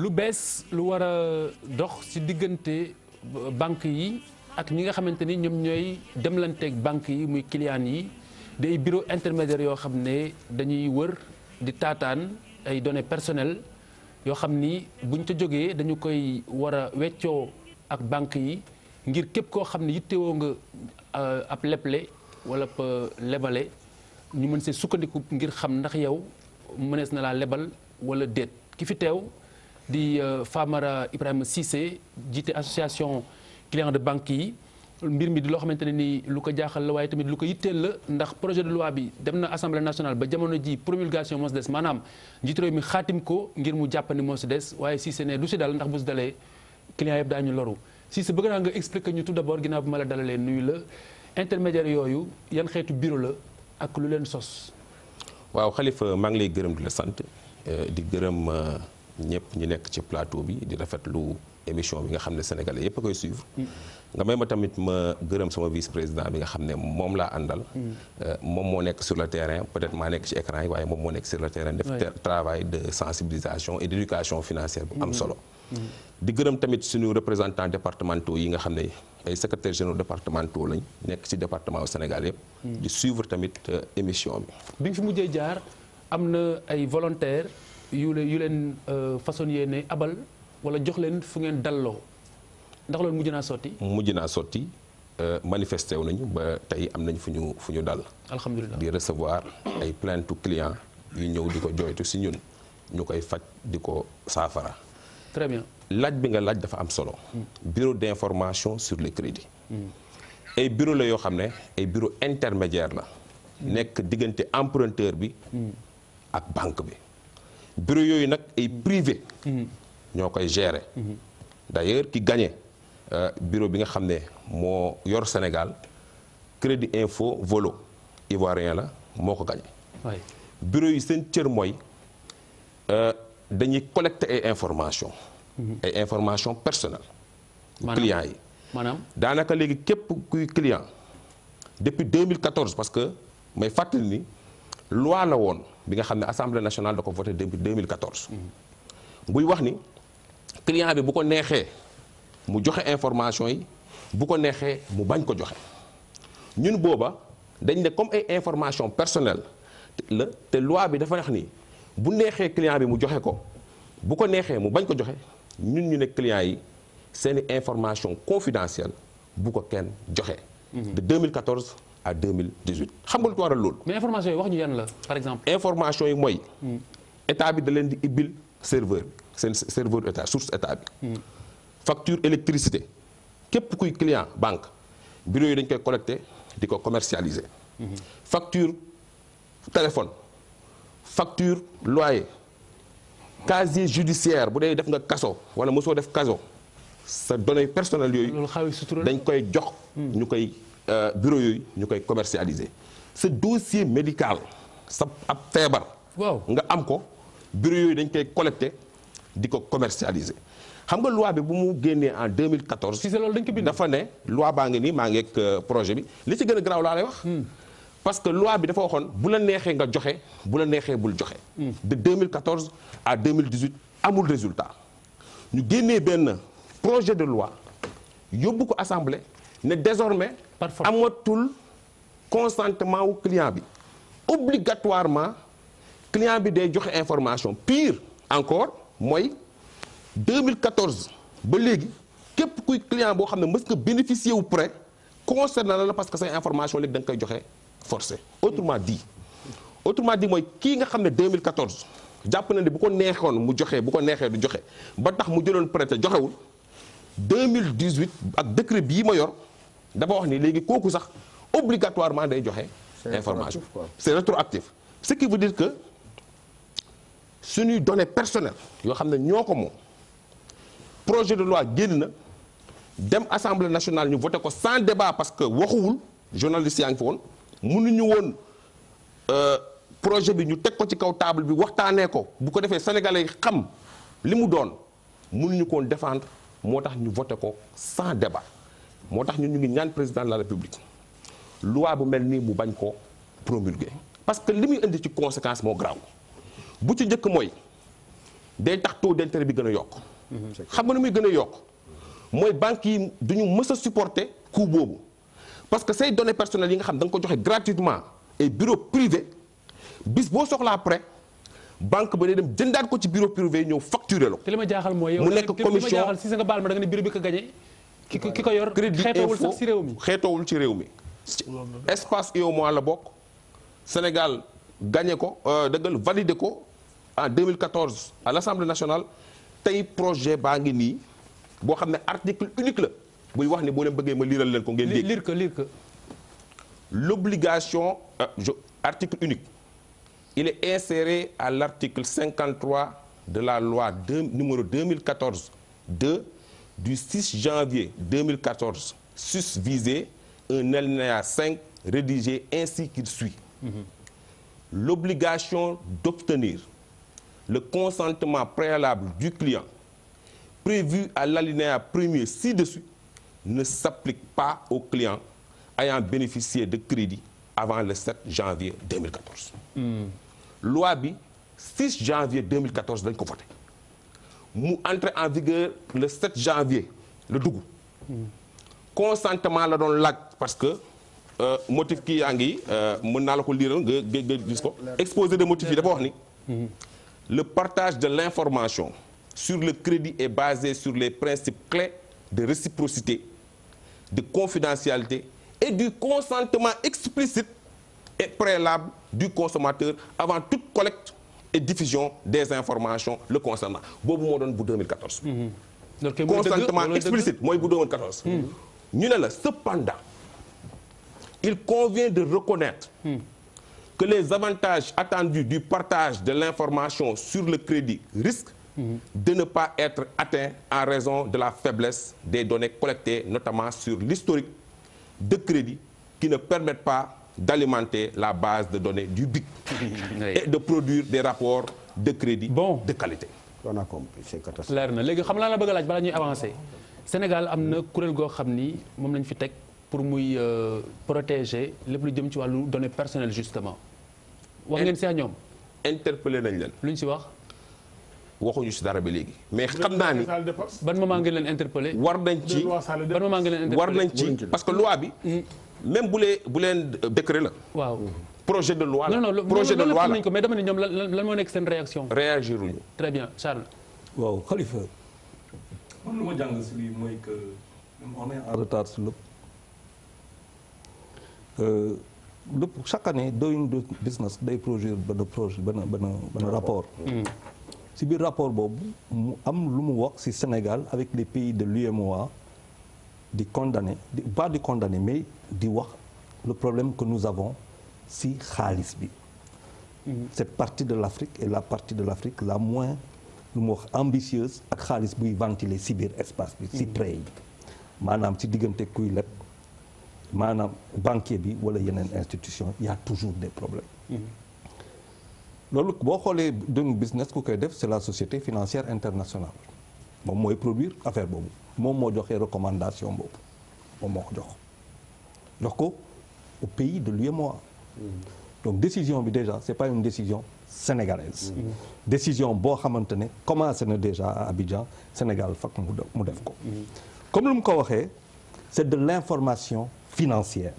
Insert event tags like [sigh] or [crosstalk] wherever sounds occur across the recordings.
lu bees lu war a dox ci diggante banque yi ak ñi nga xamante ni ñoom ñooy demlanteek banque yi muy clients yi day bureau intermédiaire yoo xam ne dañuy wër di taataan ay données personnelles yoo xam ni buñ ca jógee dañu koy war a weccoo ak banque yi ngir képp koo xam ne yittewoo nga euh, ab leble wala ab euh, lebale ñu mën see sukkandiku ngir xam ndax yow mënees na laa lebal wala déet ki fi teew di euh, Famara Ibrahima Cissé jiite association clients de banque yi mbir mi di loo xamante ne nii lu ko jaaxal la waaye tamit lu ko yitteel la ndax projet de loi bi dem na assemblée nationale ba jamono ji promulgation moo si des maanaam njiit réew mi xaatim ko ngir mu jàpp ne moo des waaye Cissé ne du si dal ndax bu si dalee clients yëpp daañu loru Cissé bëgg naa nga expliquer ñu tout d'abord ginnaaw bi ma la dalalee nuyu la intermédiaire yooyu yan xeetu bureau ak lu leen sos. waaw Khalifa maa ngi lay gërëm di sant euh, di gërëm. Euh, ñëpp ñi nekk ci plateau bi di rafetlu émission bi nga xam ne sénégalais yëpp a koy suivre. Mm. nga may ma tamit ma gërëm sama vice président bi nga xam ne moom laa àndal. Mm. Euh, moom moo nekk sur le terrain peut-être maa nekk ci écran yi waaye moom moo nekk sur le terrain. def travail de sensibilisation et d'éducation financière bu am mm. solo. di gërëm tamit suñu représentants départementaux yi nga xam ne ay secrétaires généraux départementaux lañ nekk ci département Sénégal yëpp. di suivre tamit euh, émission bi. bi fi mujjee jaar am na ay volontaires. yu leen yu euh, leen façon yéene abal wala jox leen fu ngeen dalloo ndax loolu mujj naa sotti. mujj naa sotti euh, manifesté wu nañu ba tey am nañ fu ñu fu ñu dal. alhamdulilah di recevoir ay plaintes clients yu ñëw di ko jooytu si ñun ñu koy faj di ko saafara. très laaj bi nga laaj dafa am solo. Hmm. bureau d' information sur le crédit. Hmm. ay bureau la yoo xam ne ay bureau intermédiaire la. Hmm. nekk diggante emprunteur bi. ak banque bi. bureau yooyu nag ay privé mhm. ñoo koy gérer mhm. d'ailleurs ki gagné euh, bureau bi nga xam ne moo yor Sénégal Crédit Info Volo ivoirien la moo ko gagné bureau yi seen cër mooy euh, dañuy collecter ay information mhm. ay information personnelle clients yi maanaam daanaka léegi képp kuy client depuis 2014 parce que may fàttali ni loi la woon bi nga xam ne assemblée nationale da ko voté depuis 2014. buy wax ni client bi bu ko neexee mu joxe information yi bu ko neexee mu bañ ko joxe ñun booba dañ ne comme ay information personnelle la te loi bi dafa wax ni bu neexee client bi mu joxe ko bu ko neexee mu bañ ko joxe ñun ñu ne client yi seeni information confidentielle bu ko kenn joxe. Mm-hmm. de 2014. à 2018 xam nga ko loolu. information yi wax ñu yan par exemple. information yi mooy. Hmm. état bi da leen di ibbil serveur seen serveur état source état bi. Hmm. facture électricité képp kuy client banque bureau yi dañ koy collecté di ko commercialiser. Hmm. facture téléphone facture loyer casier judiciaire bu dee def nga kaso wala mosoo def kaso sa données personnelles yooyu. dañ koy jox ñu koy. Euh, bureau yooyu ñu koy commercialiser sa dossier médical sa ab feebar. waaw nga am ko bureau yooyu dañ koy collecté di ko commercialiser. xam nga loi bi bu mu génnee en 2014. si loolu dañ ko bind dafa ne loi baa ngi nii maa ngi ak euh, projet bi li ci gën a garaaw laa lay wax. Hmm. parce que loi bi dafa waxoon bu la neexee nga joxe bu la neexee bul joxe. Hmm. de 2014 à 2018 amul résultat ñu génnee benn projet de loi yóbbu ko assemblée ne désormais amatul consentement wu client bi obligatoirement client bi day joxe information pire encore mooy 2014 ba léegi képp kuy client boo xam ne mës nga bénéficier wu prêt concerné la la parce que say information léegi danga koy joxe forcé autrement dit autrement dit mooy kii nga xam ne 2014 jàpp na ne bu ko neexoon mu joxe bu ko neexee du joxe ba tax mu jëloon prêté joxewul 2018 ak décret bii ma yor dafa wax nii léegi kooku sax obligatoirement day joxe information c'est rétroactif ce qui veut dire que suñuy données personnelles yoo xam ne ñoo ko moom projet de loi génn na dem assemblée nationale ñu voté ko sans débat parce que waxuwul journaliste yaa ngi fa woon mënuñu woon euh, projet bi ñu teg ko ci kaw table bi waxtaanee ko bu ko defee sénégalais yi xam li mu doon mënuñu koon défendre moo tax ñu voté ko sans débat moo tax ñun ñu ngi ñaan président de la république loi bu mel nii mu bañ ko promulguer parce que li muy indi ci conséquence moo graaw bu ci jëkk mooy day tax taux d'intérêt bi gën a yokk xam nga ni muy gën a yokk mooy banque yi duñu mës a supporte coût boobu parce que say données personnelles yi nga xam da nga ko joxe gratuitement et bureau privé bis boo soxlaa prêt banque ba day dem jëndaat ko ci bureau privé ñëw facturer la mu nekk commission si sa nga ki ki ko yor xeetowul sax ci réew mi xeetowul ci réew mi espace UEMOA la bokk Sénégal gagné ko euh, dëggal validé ko en 2014 à l'Assemblée nationale tey projet baa ngi nii boo xam ne article unique la buy wax ne boo leen bëggee ma liiral leen ko ngeen dégg lire que lire l'obligation euh, article unique il est inséré à l'article 53 de la loi 2 numéro 2014 2 du 6 janvier 2014 susvisé un alinéa 5 rédigé ainsi qu'il suit. Mmh. L'obligation d'obtenir le consentement préalable du client prévu à l'alinéa premier ci-dessus ne s'applique pas au client ayant bénéficié de crédit avant le 7 janvier 2014. Hmm. loi bi 6 janvier 2014 dañ ko voté. mu entre en vigueur le 7 janvier le dugg consentement la doon laaj parce que euh, motif kii yaa ngi euh, mun naa la ko liiral nga nga gis ko exposé de motifs yi dafa wax ni le partage de l'information sur le crédit est basé sur les principes clés de réciprocité de confidencialité et du consentement explicite et préalable du consommateur avant toute collecte et diffusion des informations le concernant boobu moo doon bu 2014. Mhm. consentement explicite mooy bu 2014. Mhm. ñu ne la cependant il convient de reconnaître mhm. que les avantages attendus du partage de l'information sur le crédit risquent de ne pas être atteints en raison de la faiblesse des données collectées notamment sur l'historique de crédit qui ne permettent pas d'alimenter la base de données du BIC [laughs] et de produire des rapports de crédit bon. de qualité. on a compris c'est catastrophique. leer na léegi xam naa la bëgg a laaj balaa ñuy avancer Sénégal am na kuréel goo xam ni moom lañ fi teg pour muy euh, protéger lép lu jëm ci wàllu données personnelles justement. wax ngeen si ak ñoom. interpellé nañ leen. luñ si wax. waxuñu si dara ba léegi mais xam naa ni ban moment ngeen leen interpellé. war nañ ci ban moment ngeen leen interpellé war nañ ci parce que loi bi. Hmm. même bu lee bu leen décret la. waaw projet de loi la. projet de loi la non non mais dama ne ñoom lan lan moo nekk seen réaction. réagir lu ñu. très bien Charles. waaw Khalifa. man lu ma jàng si lii mooy que on est en retard sur lépp. Euh, lépp chaque année Doing Business day produire benn projet benn benn rapport. Hmm. si biir rapport boobu mu am lu mu wax si Sénégal avec les pays de l'UEMOA di condamné di pas di condamné mais. di wax le problème que nous avons si xaalis bi mhm. cette partie de l'Afrique est la partie de l'Afrique la moins lu mu wax ambitieuse ak xaalis buy ventiler si biir espace bi si mhm. prêt yi maanaam si diggante kuy leb maanaam banquier bi wala yeneen institution y a toujours des problème mhm. loolu boo xoolee dënnu business ku koy def c'est la société financière internationale moom mooy produire affaire boobu moom moo joxee recommandation boobu moom moo ko jox jox ko au pays de l'UEMOA donc décision bi déjà c'est pas une décision sénégalaise mm-hmm. décision boo xamante ne commencé na déjà à Abidjan Sénégal fak mu def ko mm-hmm. comme lu mu ko waxee c'est de l'information financière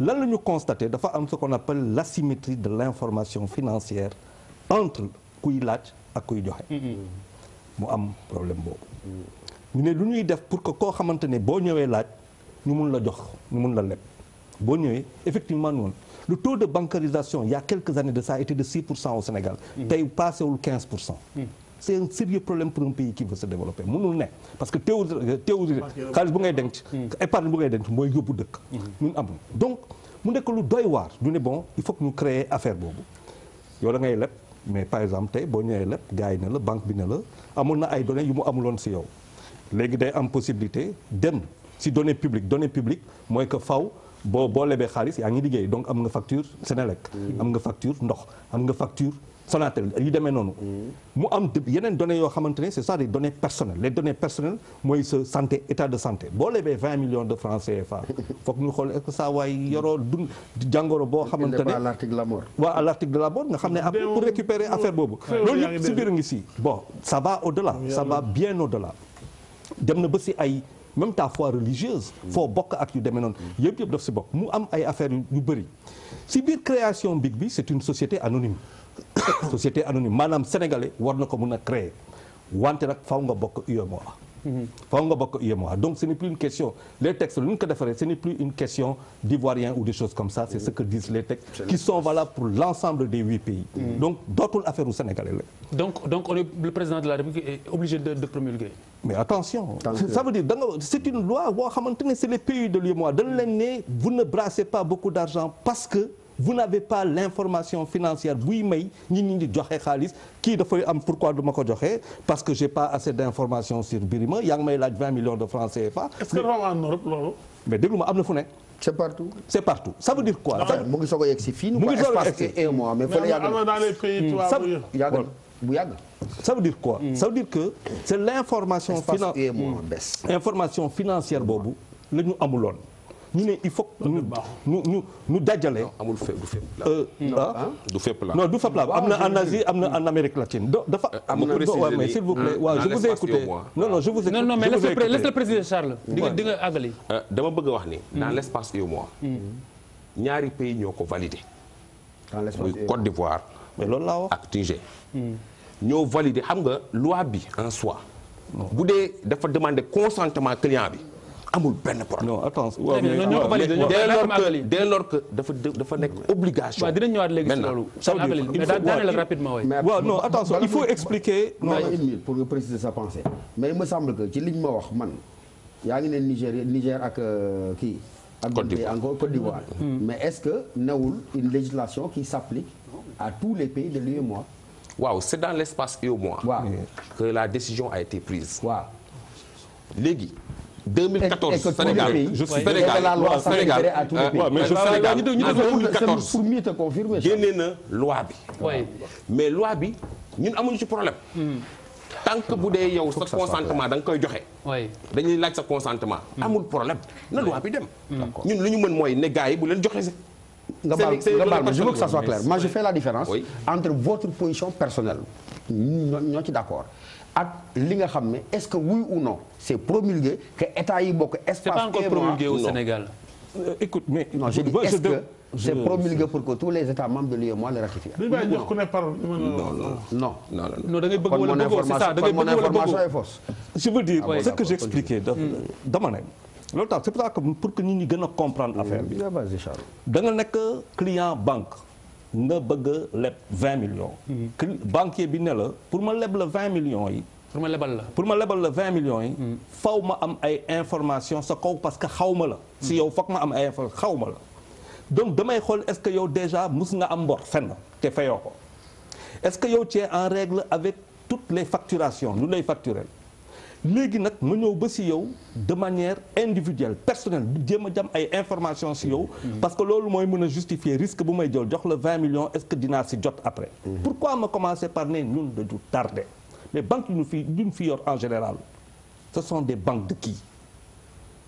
lan la ñu constaté dafa am ce qu'on appelle l'asymétrie de l'information financière entre kuy laaj ak kuy joxe mm-hmm. mu am problème boobu ñu lu ñuy def pour que koo xamante ne boo ñëwee laaj ñu mun la jox ñu mun la leb boo ñëwee effectivement noonu lu taux de bancarisation yaa y a quelques années de ça était de 6 pour cent au Sénégal mm. tey paasewul 15 pour cent mm. c'est un sérieux problème pour un pays qui veut se développer mënul ne parce que théorie théorie xaalis bu ngay denc mm. épargne bu ngay denc mooy yóbbu dëkk ñun amul donc mu nekk lu doy waar du ne bon il faut que ñu créer affaire boobu yow la ngay leb mais par exemple tey boo ñëwee leb gars yi ne la banque bi ne la amoon na ay données yu mu amuloon si yow léegi day am possibilité dem si données publique données publiques mooy que faw boo boo lebee xaalis yaa ngi liggéey donc am nga facture Sénélec mm. am nga facture ndox am nga facture Sonatel yu demee noonu mm. mu am yeneen données yoo xamante ne c'est ça des données personnelles les données personnelles mooy sa santé état de santé boo lebee millions de francs CFA [laughs] foog ñu xool est-ce que ça waay yoroo dund jàngoro boo xamante ne à l'article de la mort nga xam ne après pour récupérer affaire boobu loolu yëpp si biir ngi si bon ça va au-delà dem na ba si ay même ta fois religieuse foo bokk ak yu demee noonu yëpp yëpp daf si bokk mu am ay affaires yu bëri si biir création big bi c'est une société anonyme [coughs] société anonyme maanaam sénégalais war na ko mun a créer wante nag faw nga bokk UEMOA faaw nga bokk UEMOA donc ce n'est plus une question les textes lu ñu ko defaree ce n'est plus une question d'ivoiriens ou des choses comme ça c'est ce que disent les textes qui sont valables pour l'ensemble des huit pays mm. donc dootul affaire u le président de la République est obligé de, promulguer mais attention c'est une loi boo xamante ne c'est les pays de l'UEMOA dañ leen vous ne brassez pas beaucoup d'argent parce que vous n'avez pas l'information financière buy may ñi ñi di joxe xaalis kii dafay am pourquoi du ma ko joxe parce que j'ai pas assez d'informations sur Birima yaa ngi may laaj de francs CFA. est-ce que en Europe loolu. mais déglu am na fu ne. c'est partout. c'est partout ça veut dire quoi. si fii. mu ngi soog a yegg si mois mais fële yàgg na hmm. bu yàgg. ça veut dire hmm. c'est l'information. Hmm. financière boobu la ñu amuloon. ñu ne il faut ñu ñu ñu ñu dajale. amul fépp du fépp la. Euh, ah? du fépp la non du fépp la am na en Asie am na en Amérique latine. do euh, am mais s'il vous plaît. waaw ah, je vous ai écouté non non je dama bëgg a wax ni. dans mm. l' espace et moi. Mm. ñaari pays ñoo ko validé. dans l' espace muy d'Ivoire. mais loolu laa wax ak Niger. Mm. ñoo validé xam nga loi bi en soi. bu dee dafa demande consentement client bi. amul benn problème. non attends waaw mais dès lors que dès lors que dafa dafa nekk obligation. waaw dinañ ñëwaat léegi si il faut expliquer. non non pour nga sa pensée. mais il me semble que ci liñ wax man yaa ngi ne Niger Niger ak euh, kii. Côte d'Ivoire encore hmm. hmm. mais est-ce que newul une législation qui s'applique à tous les pays de l'UEMOA. waaw c'est dans l'espace UEMOA. waaw que la décision a été prise. waaw 2014 Sénégal je suis Sénégal waaw Sénégal waaw mais je Sénégal en 2014 pour mieux génne na loi mais loi bi ñun amuñu ci problème. Hmm. tant bu dee yow sa consentement da nga koy joxe. dañuy laaj sa consentement. Hmm. amul problème na loi bi dem. ñun lu ñu mën mooy ne gars yi bu leen joxe si. nga baal nga baal ma je veux que ça soit clair moi je fais la différence entre votre position personnelle ñoo ci d'accord ak li nga xam ne est-ce que oui ou non c'est promulgué que état yi bokk espace c'est pas encore promulgué au Sénégal euh, écoute mais non je dis est-ce que c'est promulgué pour que tous les états membres de l'UEMOA le ratifient non non non da ngay bëgg wala bëggoo c'est ça da ngay bëgg wala bëggoo je veux dire ah ce que j'expliquais dama ne loolu tax c'est pour ça que pour que nit ñi gën a comprendre affaire bi da nga nekk client banque nga bëgg a leb vingt millions mhm. banquier bi ne la pour ma leb la vingt millions yi pour ma lebal la pour ma lebal la vingt millions yi mhm. faw ma am ay information sa kaw parce que xaw ma la si mhm. yow foog ma am ay information xaw ma la donc damay xool est-ce que yow déjà mus nga am mbor fenn te fayoo ko est-ce que yow tu en règle avec toutes les facturations lu lay facturer léegi nag ma ñëw ba si yow de manière individuelle personnelle bu jéem a jam ay information si yow mm-hmm. parce que loolu mooy mën a justifier risque bu may jël jox la 20 millions est que dinaa si jot après mm-hmm. pourquoi ma commencer par ne ñun dañu tarde mais banques yu ñu fi ñu fi yor en général ce sont des banques de qui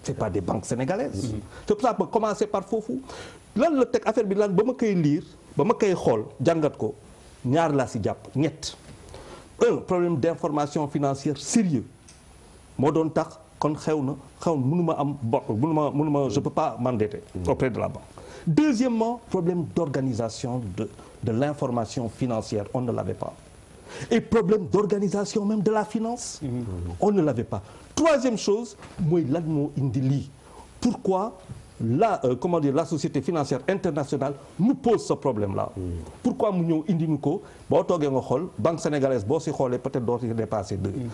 c'est pas des banque sénégalaises mm-hmm. c'est pour ma commencer par foofu lan la teg affaire bi lan ba ma koy liir ba ma koy xool jàngat ko ñaar laa si jàpp ñett un problème d'information financière sérieux moo doon tax kon xew na xew mënu ma am bor mënu ma mënu ma je peux pas m'endetter auprès de la banque deuxièmement problème d'organisation de de l'information financière on ne l'avait pas et problème d'organisation même de la finance mhm. on ne l'avait pas troisième chose mooy lan moo indi lii pourquoi la euh, comment dire la société financière internationale nous pose ce problème là. pourquoi mu ñëw indi ñu ko boo toogee nga xool banque sénégalaise boo si xoole peut-être doo mm. si dépassé deux. lu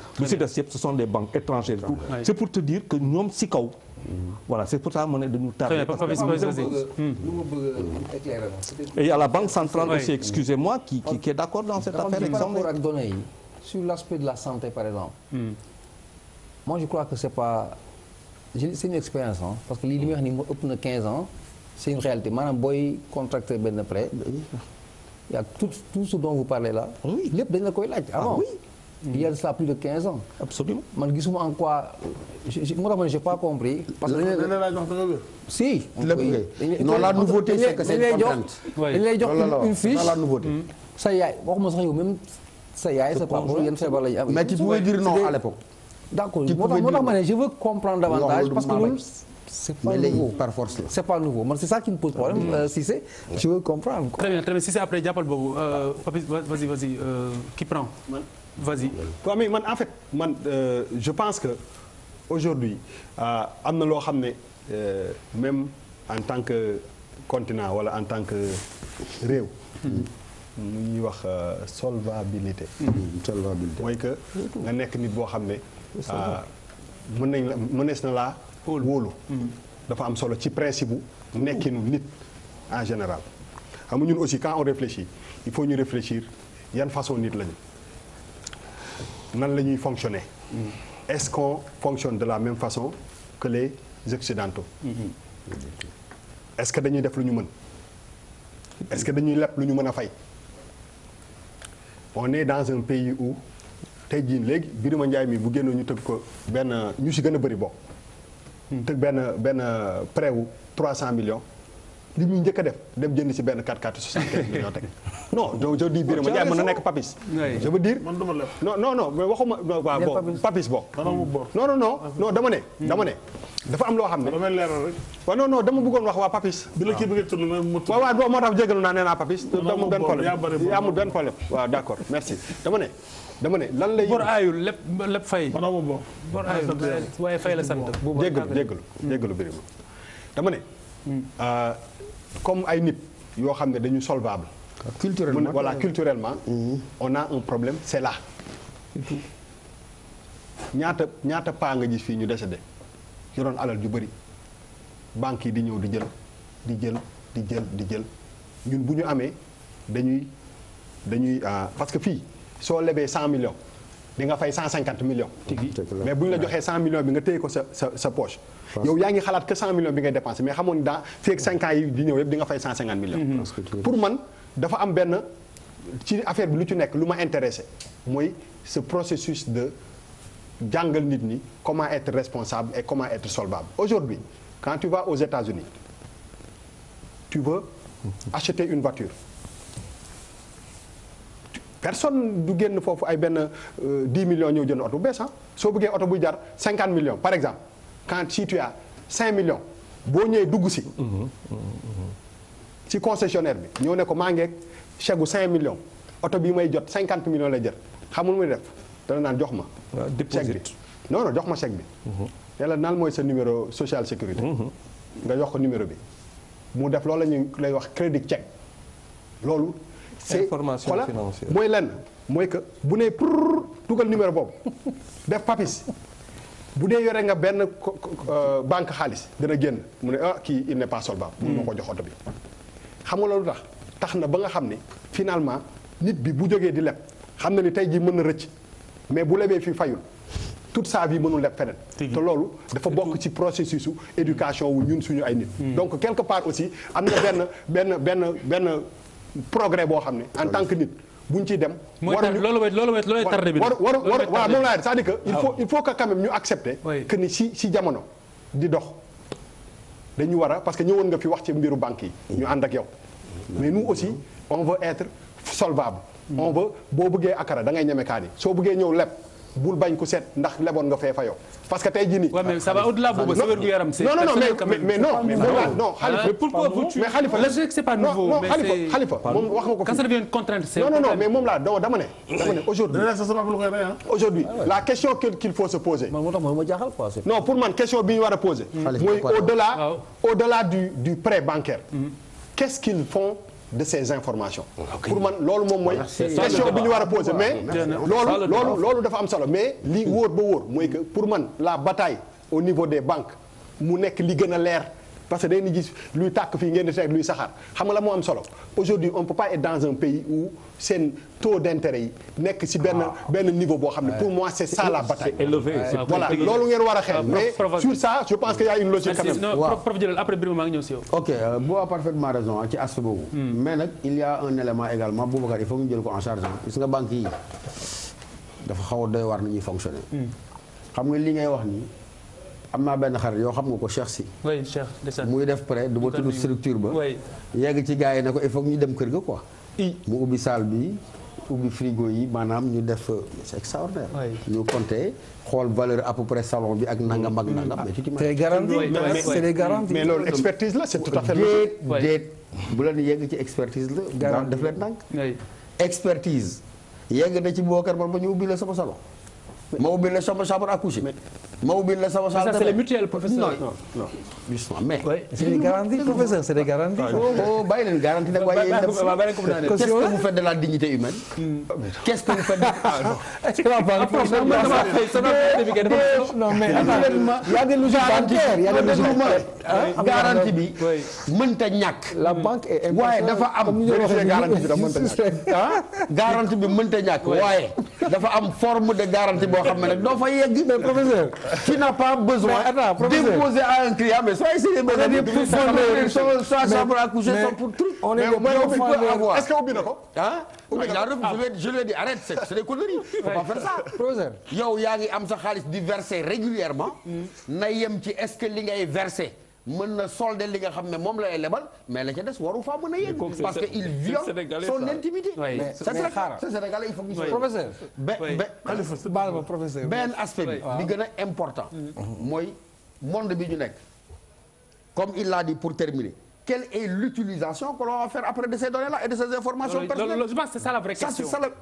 pour te dire que ñoom si kaw. Mm. voilà c' pour ça mu ne dañu tardé. parce que mm. lu ma bëgg et il y a la banque centrale oui. aussi excusez-moi qui, est d' dans cette affaire exemple l' aspect par exemple. moi je crois que c' pas. c'est une expérience ah parce que lii li muy wax nii mu ëpp na 15 ans c'est une réalité maanaam booy contracté benn prêt y a tout tout ce dont vous parlez là lépp dañ la koy laaj ah avant il y a de cela plus de 15 ans man gisuma en quoi moo tax ma ne j'ai pas compris parce que dañ la jox danga wér si non la jox une fiche la nouveauté sa yaay waxuma sax yow même sa yaay sa papa yéen feebar la ñu am mais tu à l'époque d'accord moo tax moo tax ma ne je veux comprendre davantage parce que loolu c'est pas nouveau par force la c'est pas nouveau man c'est ça qui me pose problème mm. euh, Cissé je veux comprendre très bien très bien Cissé après jàppal boobu euh, Papi vas-y vas-y euh, qui prend vas-y waaw mais man en fait man je pense que aujourd'hui am na loo xam ne même en tant que continent wala en tant que réew lu mm. ñuy wax solvabilité mm. solvabilité mooy que nga nekk nit boo xam ne Ah. mën nañ la mënees na laa wóolu hmm. dafa am solo ci principe bu nekkinu nit en général xam aussi quand on réfléchit il faut ñu réfléchir yan façon nit lañu nan la ñuy fonctionner hmm. est-ce qu'on fonctionne de la même façon que les occidentaux hmm. est-ce que dañuy def lu ñu mën est-ce que dañuy lepp lu ñu mën a fay on est dans un pays où tey jii léegi Birima Ndiaye mi bu génnoon ñu tëgg ko benn ñu si gën a bëri bokk. Hmm. tëgg benn benn prêt wu 300 millions. li ñuy njëkk a def dem jënd si benn 4 4 75 millions teg [laughs] non donc je dis Birima Ndiaye mën na nekk papis. je veux dire man dama lef non non non waxuma waaw bon papis hmm. dama ne. dama ne dafa am loo xam ne. dama leeral rek. waaw non non dama bëggoon wax waa papis. bi la kii bi nga tudd mu tudd. waaw moo tax jégalu naa nee naa papis. amul benn problème amul benn problème waaw d'accord merci dama ne. dama ne lan lay. bor aayul lépp lépp fay. bor aayul waaye fay la sant. jéggalu jéggalu jéggalu hmm. dama ne. Hmm. Euh, comme ay nit yoo xam ne dañu solvable. culturellement voilà culturellement. Hmm. on a un problème c'est la ñaata ñaata paa nga gis fii ñu décédé yoroon alal ju bëri banque yi di ñëw di jël di jël di jël di jël ñun bu ñu amee dañuy dañuy euh, parce que fii. soo lebee 100 millions di nga fay 150 millions. tigi mais bu ñu la joxee 100 millions bi nga téye ko sa sa sa poche. yaa ngi xalaat que 100 millions bi ngay dépensé mais xamoon daa fii ak 5 ans yi di ñëw yëpp di nga fay 150 millions. Mm-hmm. pour man dafa am benn ci affaire bi lu ci nekk lu ma intéressé mooy ce processus de jàngal nit ñi comment être responsable et comment être solvable aujourd'hui quand tu vas aux États-Unis tu veux mm-hmm. acheter une voiture. personne du génn foofu ay benn 10 euh, millions ñëw jënd oto bu bees ah, soo buggee oto buy jar 50 millions par exemple quand si tu as 5 millions boo ñëwee dugg si. ci mm-hmm. mm-hmm. concessionnaire bi ñëw ne ko maa ngeeg chèque gu 5 millions oto bi may jot cinquante millions lay jël xamul muy def dana naan jox ma. Ah, chèque bi non non jox ma chèque bi. Mm-hmm. yàlla naan mooy sa numéro social sécurité. nga jox ko numéro bi. mu def loolu la ñuy lay wax crédit chèque loolu. c'est information financière mooy lenn mooy que bu nee pour dugal numéro boobu def papis bu dee yore nga benn euh, banque xaalis dana génn mu ne ah kii il n'est pas solvable. mun ko hmm. jox oto bi. xam nga loolu tax tax na ba nga xam ne finalement nit bi bu jógee di leb xam na ni tey jii mën na rëcc mais bu lebee fii fayul tout sa vie mënul leb feneen. te loolu dafa bokk ci processus éducation wu ñun suñu ay nit. Hmm. donc quelque part aussi am na benn benn benn. progrès boo xam ne en tant que nit buñ ciy dem. waruñu loolu mooy loolu mooy loolu tardé bi. waru waru waaw moom laa c'est-à-dire que. il faut il faut que quand même ñu accepter. que ni si si jamono di dox dañu war a parce que ñëwoon nga fi wax ci mbiru banque yi. ñu ànd ak yow. mais nous aussi on veut être solvable. on veut boo bëggee akara da ngay ñeme kaani soo bëggee ñëw leb. bul bañ ku set ndax leboon nga fee fayoo parce que tey jii nii. waaw mais ça va au-delà boobu sa wérgu yaram. Ah, non non non mais mais mais pourquoi la c'est pas nouveau aujourd'hui ah la question qu'il faut se poser. man moo man question bi ñu poser. mooy au-delà au-delà du du bancaire. Mm-hmm. qu'est-ce qu'ils font de ces information pour man loolu moom mooy. question bi ñu war a poser mais. loolu loolu loolu dafa am solo mais li wóor ba wóor mooy que pour man la bataille au niveau des banques mu nekk li gën a leer. parce que day ni gis luy tàkk fii ngeen di teg luy saxaar xam moo am solo aujourd'hui on peut pas être dans un pays où seen taux d'intérêt yi nekk ci benn ah. benn niveau boo xam ne pour moi c'est ça la bataille. loolu ngeen war a xeex ah, mais sur ça je que y une logique quand en charge gis nga banque yi dafa xaw a doy waar na ñuy fonctionner. Hmm. xam nga li ngay wax nii. am naa benn xarit yoo xam nga ko Cheikh si. oui Cheikh muy def prêt du ma tudd structure ba. yegg ci gars yi ne ko il faut ñu dem kër ga quoi. mu ubbi salle bi ubbi frigo yi maanaam ñu def sa extraordinaire. ñu compter xool valeur à peu près salon bi ak nangam ak nangam. mais ci c'est garanti c'est des garanties mais loolu expertise la c'est tout à fait déet déet bu leen yegg ci expertise la. garanti def leen ndànk expertise yegg na ci bookar man ba ñu ubbi la ko salon. ma ubbil la sama chambre à coucher. ma ubbil la sama chambre. mais ça c'est les mutuelles professeur. non non justement mais. c'est des garanties bàyyi leen garantie nag waaye yéen def. qu'est-ce que vous la dignité humaine. qu'est-ce que vous faites de. non mais y a des logiques bancaires y a des logiques garantie bi mënta ñàkk. la banque est waaye dafa am. garantie bi mënta ñàkk waaye dafa am forme de garantie boo yoo xam ne nag doo fa yegg. mais professeur. tu n'as pas besoin. d'imposer à un client mais soyez sérieux. mais mais mais on est des est-ce que ubbi na ko. ah ubbi na ko je lui ai dit arrête c'est des conneries. faut pas [laughs] faire ça. professeur yow yaa ngi am sa xaalis di verser régulièrement hmm. na yem ci est-ce que li ngay verser. mën na solde li nga xam ne moom lay lebal mais la ca des waru faa mën a yegg parce que il viole son intimité c'est sénégalais il faut que professeur ba professeur benn aspect bi li gën a important mm-hmm. mooy monde bi ñu nekk comme il di pour terminer quelle est l'utilisation que l'on va faire après de ces données-là et de ces informations personnelles le, le, que c'est ça la vraie la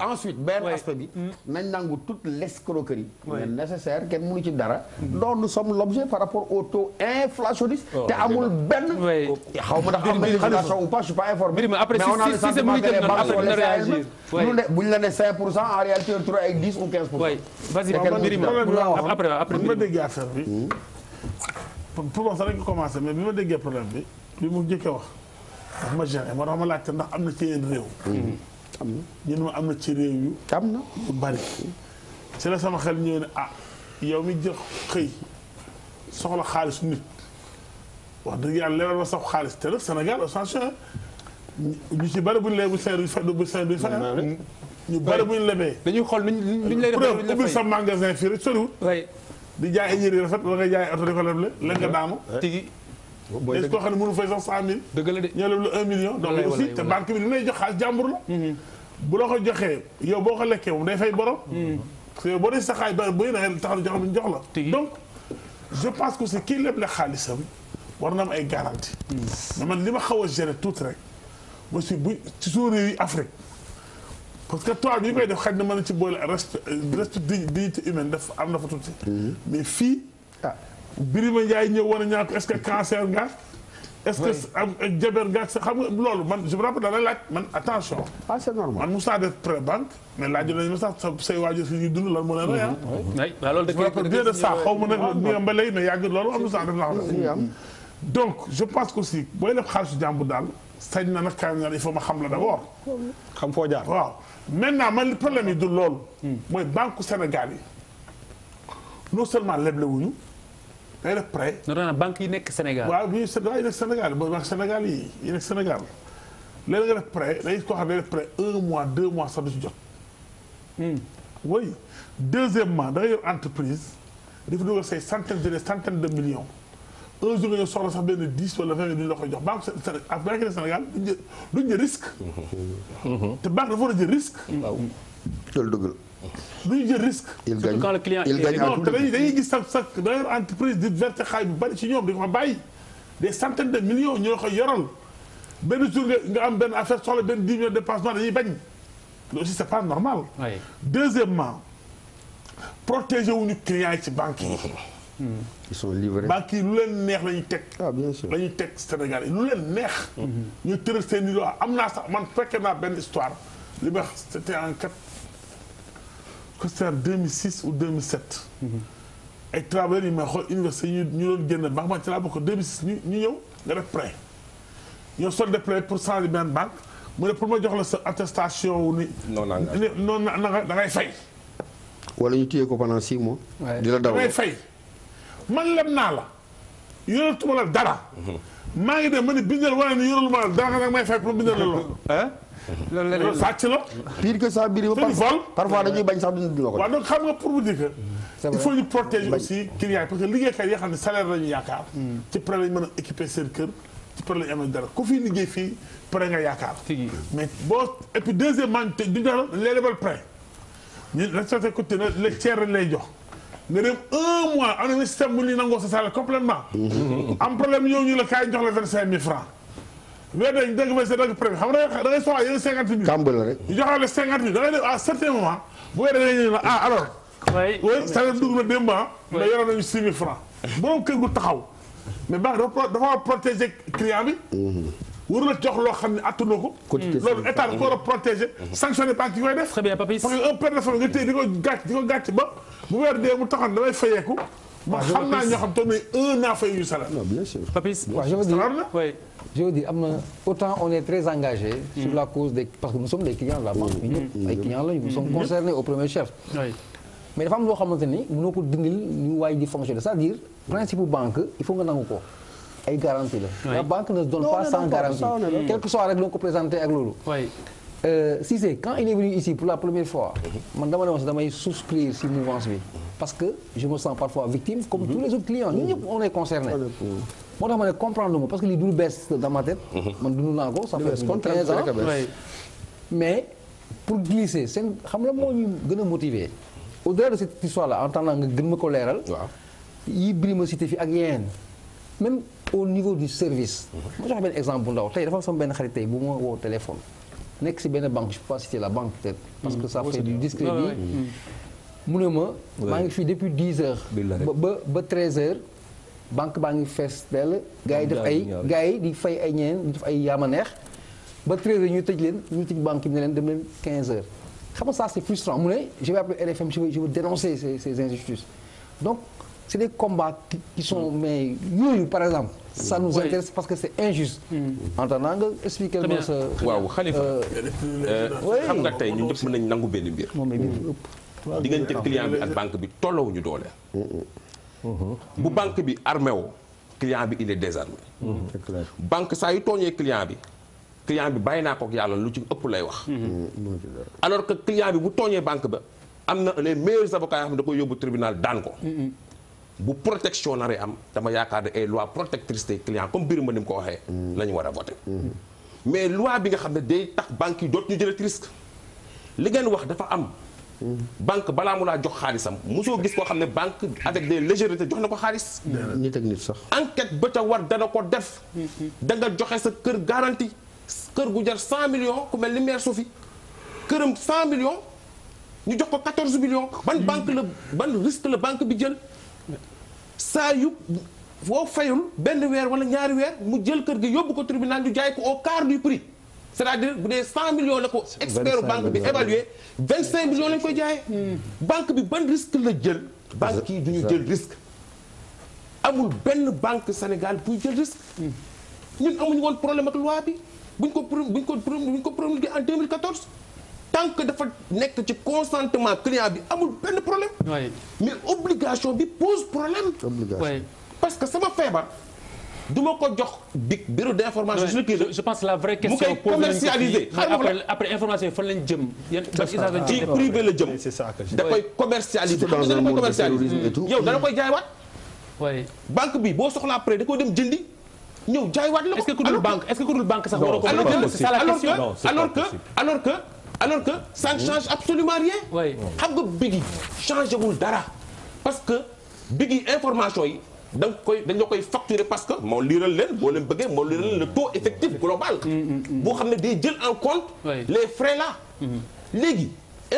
ensuite benn ouais. aspect bi mm. nañ nangu toute l'escroquerie mais nécessaire mm-hmm. nous sommes l'objet par rapport au taux inflationniste oh, te amul benn xaw ma ndax am na inflation ou pas je pas informé mais on a le sentiment que les banques sont les CSM bu ñu pour cent en réalité on trouve ay 10 ou 15 pour cent vas-y pour wax sax dañ ko commencé mais bi ma déggee problème bi bi mu njëkkee wax daf ma gêné moo tax ma laajte ndax am na ci yeneen réew. am na ñun ma am na ci réew yu. am bari. ci la sama xel ñëw ne ah, yow mi jël xëy soxla xaalisu nit dëgg yàlla lebal ma sax xaalis te nag Sénégal attention ñu ci bari bu ñu lebu seen duñ fa duñ fa ñu bari bu ñu lebee. dañuy xool nuñ lay def sa magasin fii rek soriwul. di jaay ay yére rafet wala jaay oto di ko eh. daamu eh. tigi booy dëgg koo xam ne mënu fay sax cent mille. dëgg la de ñoo leblu un million. donc aussi te banque bi li lay jox xaalis jàmbur la. Mhm. bu la ko joxee yow boo ko lekkee moom day fay borom. Mhm. parce que boo dee sa xaalis ba bëri na nga taxaw jox jox la. donc je pense que aussi kii leble xaalisam war na am ay garantie. Mhm. mais man li ma xaw a gérer tuuti rek. ba si bu ci suñu yi Afrique. parce que tubaab yi koy def xaj na mën na ci boole respect respect dignité humaine def am na fa tuuti. Mhm. mais fii ah Birima Ndiaye ñëw woon ñaa ko est-ce que cancer nga est-ce que am jaber nga xam nga loolu man je me rappelle da la laaj man attention. ah c'est normal man Moussa def pré-banque. mais laajoon nañu sax say waajur si ñuy dund lan moo leen rey ah. Mhm. oui alors ah, de de ça xaw ma nag nii ba léegi mais yàgg loolu am Moussa def na xam donc je pense que aussi booy def xaalisu jàmbur daal sañ na nag kaay naan il faut ma xam la d'abord. xam foo jaar waaw. maintenant man problème yi du loolu. Hmm. mooy banque Sénégal yi non seulement leble wuñu day def prêt. non non banque yi nekk Sénégal. waaw bi yi nekk Sénégal mooy banque Sénégal yi yi nekk Sénégal léeg nga def prêt day def prêt un mois deux mois sax du ci jot. Hmm. oui deuxièmement da ngay yor entreprise dafa dugal say centaines de centaines de millions. un jour nga soxla sax benn dix wala vingt duñu la jox banque ak banque de Sénégal duñ jël duñ jël risque. Mhm. te banque dafa war a jël risque. waaw loolu dëgg la. duñu jël risque. il gagne quand le client il gagne non te dañuy gis sax sax d'ailleurs entreprise di verser xaalis bu bari ci ñoom dañu ko fa bàyyi. des centaines de millions ñoo koy yoral benn jour nga am benn affaire soxla benn dix millions de dépassement dañuy bañ loolu aussi c'est pas normal. deuxièmement protéger wuñu client yi ci banque yi. [laughs] ils sont livrés. banques lu leen neex la ñuy teg. ah bien Sénégal yi lu leen neex. Mhm. ñu tëral seen i loi am naa sax man fekkee naa benn histoire li ma wax en quatre que c'était en 2006 ou 2007. Mhm. ay travailleurs yi ma xool université ñu ñu doon génn banque man ci laa bokk 2006 ñu ñu ñëw nga def prêt ñoo soldé prêt pour changer benn banque mu ne pour ma jox la sa attestation wu ni. non non non da fay. wala ñu téye ko pendant six mois. di la dawal da ngay fay. man lem naa la yoratuma la dara. maa ngi dem ma ni bindal wala ni yoraluma la dara nag may fay pour bindal la lool. loolu la loolu sàcc la. pire que ça biir ba parfois dañuy bañ sax duñu ko. waaw donc xam nga pour vous dire que. il parce que liggéeykat yi nga xam ne salaire la yaakaar. Hmm. ci prêt lañ mën a équiper seen kër. ci prêt lañ am dara ku fi liggéey fii prêt nga yaakaar. mais boo et puis deuxièmement du dara les lebal prêt ñu la côté le tiers lay jox. nga dem un mois am na système bu ñuy nangoo sa salaire complètement mm-hmm. am problème yow ñu la kaay jox la vingt cinq mille francs weer dañ dëgg ba sa dëgg premier xam nga la rek jox la cinquante mille da ngay def à certain moment bu weer da ngay ñëw ah alors oui salaire dugg na démb ah. mais yoroon nañu mille francs boobu kër gu taxaw mais baax dafa protéger client waru la jox loo xam ne attanoo ko. loolu état ko war a protéger. Mhm. Mhm. sanctionné banque yi koy def. très bien Papis parce que de famille nga téye di ko gàcc di ko gàcc ba mu taxoon damay fayeeku. ma xam naa ñoo xam te ne un an fay yu salaire. bien sûr Papis waaw je veux dire oui. na autant on est très engagé. Mm. sur la cause des parce que nous sommes des clients de la banque. Mm. ñëpp ay mm. sommes concernés au premier chef. mais dafa am loo xamante ni mënoo ko dindil ñu waay di fonctionner c'est-à-dire principe ko. ay garantie la. la banque ne donne non, que soit rek la loolu. si euh, c'est quand il est venu ici pour la première fois. man dama ne woon damay souscrire si mouvance bi. parce que je me sens parfois victime comme tous les autres clients ñun ñëpp on est concerné. moo tax ma ne comprendre ma parce que lii du lu bees dans ma tête. Mhm. man dund naa ko ça fait comme mais pour glisser seen xam la moo ñu gën a motiver. au-delà de cette histoire là en nga gën ma ko leeral. waaw même au niveau du service. moo jox benn exemple bu ndaw tey dafa am sama benn xarit tey bu ma woo téléphone. nekk si benn banque je peux la banque peut-être. parce que ça hmm. fait du discrédit. mu ne ma maa ngi fii depuis 10 heures. ba ba ba 13 heures. banque baa ngi fees dell. gars yi def ay gars yi di fay ay ñeneen di def ay yaama neex. ba 13 heures ñu tëj leen ñu tëj banque bi ne leen dem leen 15 heures. xam nga ça c'est frustrant mu ne je vais appeler RFM je vais dénoncer ces c'est des combats qui sont mm. mais yooyu par exemple. ça mm. nous intéresse parce que c'est injuste. Mm. en tant nga expliqué ma sa. waaw Khalifa. Euh, euh, xam nga tey ñu ñëpp mën nañu nangu benn mbir. moom ëpp. diggante client bi ak banque bi ñu doole. Mm-hmm. bu banque bi armé woo client bi il est désarmé. Mm-hmm. banque saa yu tooñee client bi. client bi bàyyi naa ko ak yàlla lu ci ëpp lay wax. Mm-hmm. alors que client bi bu tooñee banque ba am na les meilleurs avocats xam ne da koy yóbbu tribunal daan ko. bu protection na naree am dama yaakaar ne ay loi protectrice des clients comme biir ma ni mu ko waxee. Mm. la ñu war a voté. Mm. mais loi bi nga xam ne day tax banques yi dootuñu jëlati risque. li ngeen wax dafa am. Mm. banque balaa mu laa jox xaalisam mosoo gis koo xam ne banque avec des légèretés jox na ko xaalis. nit ak nit sax. enquête ba ca war dana ko def. Mm-hmm. da nga joxe sa kër garantie. kër gu jar 100 million ku mel ni maire Sophie këram 100 millions ñu jox ko 14 millions. ban banque la ban risque la banque bi jël. saa yu foo fayul benn weer wala ñaari weer mu jël kër gi yóbbu ko tribunal ñu jaay ko au quart du prix c'est-à-dire bu dee 100 la ko expert banque bi évalué 25 millions lañ koy jaayee hmm. banque bi ban risque la jël banque yi du ñu jël risque amul benn banque Sénégal buy jël risque hmm. ñun amuñu woon problème ak loi bi buñ ko buñ ko buñ ko promulgué en 2014 tant que dafa nekk ci consentement client bi amul benn problème. Oui. mais obligation bi pose problème. obligation parce que sama feebar. du ma ko jox big bureau d' information. suñu kii la je mu koy commercialiser après après information yi fan lañ jëm. ci privé la jëm. da koy koy commercialiser. yow bi boo soxlaa prêt da koy dem jëndi. ñëw jaaywaat la ko. est ce alors que alors que. alors que ça ne change absolument rien. xam nga bigi changé wul dara parce que bigi information yi. da nga koy dañ koy facturer parce que moo liiral leen boo leen bëggee moo liiral leen le taux effectif global. Mm, mm, mm. boo xam ne day jël en compte. les frais là. léegi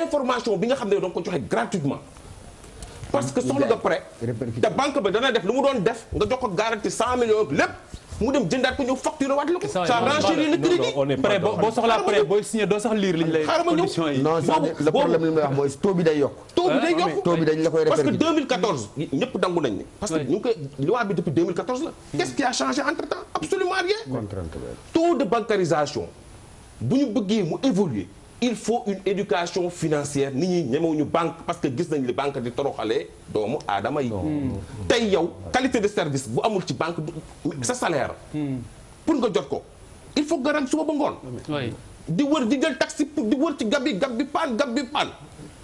information bi nga xam ne da ko joxe gratuitement. parce que soxla nga prêt. te banque ba dana def lu mu doon def nga jox ko garantie cent millions lépp. mu dem jëndaat ko ñëw facturer waat la ko. ça renchérit le crédit. prêt boo soxlaa prêt yi day yokk. taux day yokk parce que 2014 dangu nañ parce que ñu ngi depuis la. qu'est-ce entre temps absolument rien. taux de bancarisation bu ñu bëggee mu évoluer il faut une éducation financière nit ñi ñemewuñu banque parce que gis nañ li banque di toroxalee doomu aadama yi. tey yow qualité de service bu amul ci banque sa salaire. Hmm. pour nga jot ko il faut nga rang ba ngoon. di wër di jël taxi di wër ci gab bi gab bi paan gab bi paan.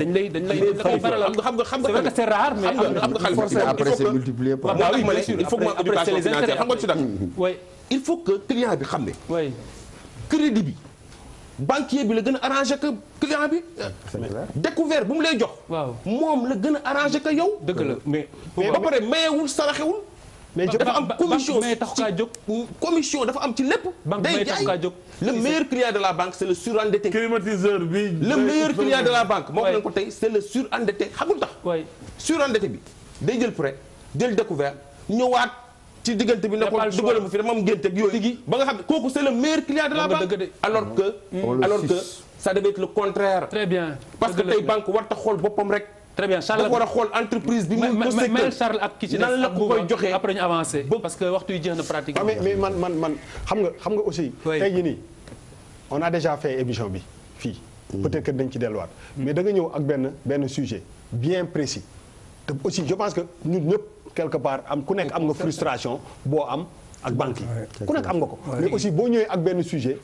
dañ lay dañ lay faral xam nga xam nga c'est rare mais am nga xaalis après c'est multiplié par waaw ma il faut que ma éducation financière xam nga ci nag il faut que client bi xam ne crédit bi banquier bi la gën a arrangé que client bi. Ah, découvert bu mu lay jox. moom la gën a arrangé que yow. dëgg la mais ba pare mayewul saraxewul. mais dafa am commission mais tax kaa dafa am ci lépp. day jaay le meilleur client de la banque c' est le surendetté. climatiseur bi le meilleur client de la banque. moo ko ko tey c' est le surendetté xamul tax. waay surendetté bi day jël prêt jël découvert ñëwaat ci diggante bi ne ko dugal ma fi dama am ngénte ak yooyu. ba nga xam ne kooku c' est le meilleur client de la banque. alors que alors que ça devait contraire. parce que tey banque war ta xool boppam rek. très bien war a xool entreprise bi. mu secteur Charles ak ki ci nan la ko koy joxe après ñu avancé. parce que waxtu yi jeex na pratique. mais mais man man man xam nga xam nga aussi. tey jii nii on a déjà fait émission bi fii. Mm. peut-être que dañ ci delluwaat. Mm. mais da nga ñëw ak benn benn sujet bien précis. te aussi je pense que ñëpp quelque part am ku nekk am nga frustration boo am ak banque yi ku nekk am nga ko mais aussi boo ñëwee ak benn sujet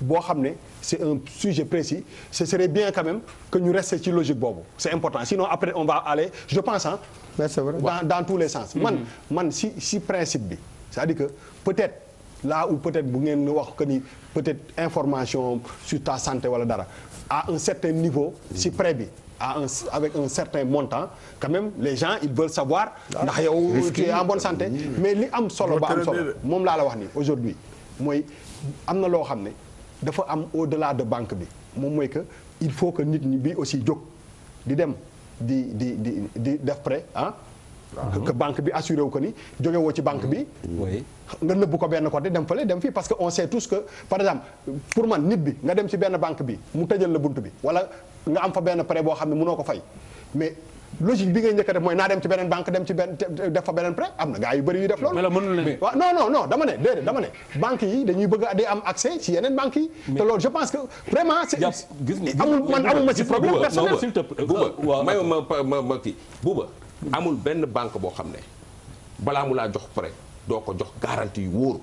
boo xam ne c'est un sujet précis ce serait bien quand même que ñu reste ci logique boobu c'est important sinon après on va aller je pense ah dans, dans tous les sens mm-hmm. man man si si principe bi c'est-à-dire que peut-être là où peut-être bu ngeen wax que ni peut-être information sur ta santé wala dara à un certain niveau mm-hmm. si près bi à avec un certain montant quand même les gens ils veulent savoir ndax yow ah, tu es en bonne santé mm-hmm. mais li am solo ba am solo moom laa la wax ni aujourd'hui mooy am na loo xam ne dafa am au delà de banque bi moom mooy que il faut que nit ñi bi aussi jóg di dem di di di di def prêt ah. que banque bi assuré wu ko ni jóge woo ci banque bi. Mm-hmm. nga nëbb ko benn ko côté dem fële dem fii parce que on sait tous que par exemple pour man nit bi nga dem ci benn banque bi mu tëjal la bunt bi wala nga am fa benn pare boo xam ne mënoo ko fay mais. logique bi ngay njëkk a def mooy naa dem ci beneen banque dem ci benn def fa beneen prêt am na gars yu bëri yu def loolu. mais waaw non dama ne dama ne banques yi dañuy bëgg a di am accès ci yeneen banques yi. te loolu je pense que amul man amul ma ci problème personnel s'il te euh, amul benn banque boo xam ne balaa mu laa jox prêt doo ko jox garantie yu wóoru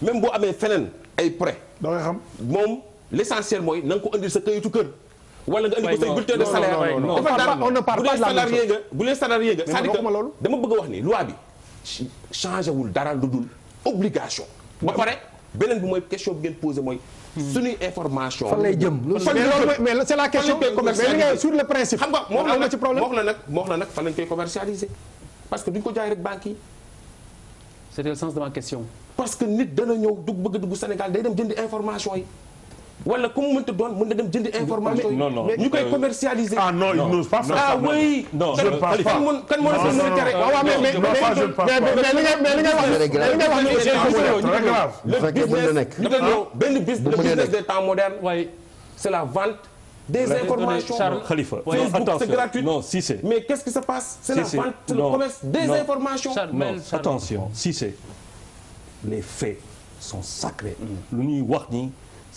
même boo amee feneen ay prêt. da ngay xam moom l' mooy na nga ko indil sa këyitu kër. wala nga andi ko say bulletin de salaire on ne parle pas de la bu dee salarié dama bëgg wax ni loi bi changé wul dara lu dul obligation ba pare beneen bi mooy question bi ngeen posé mooy suñuy information fan lay jëm mais c'est la question mais la nag wax na nag wax na nag fan lañ koy commercialiser parce que ko jaay rek banque yi le sens de ma que nit dana ñëw dugg bëgg dugg Sénégal day dem jëndi information yi wala ku mu mënta doon mën na dem jëndi information yi ñu koy commercialiser. ah non il n'ose pas ah oui. non je passe pas kan moo la ko mën a tere. waaw mais mais mais li ngay mais li ngay wax ni li ngay wax ni c'est très grave. ñu koy ñëw benn business le business des temps modernes. waaye c'est la vente. des informations Charles Khalifa. Facebook c'est gratuit non si c'est mais qu'est-ce qui se passe. c'est la vente c'est le commerce des informations. non attention si c'est les faits sont sacrés. lu ñuy wax ni.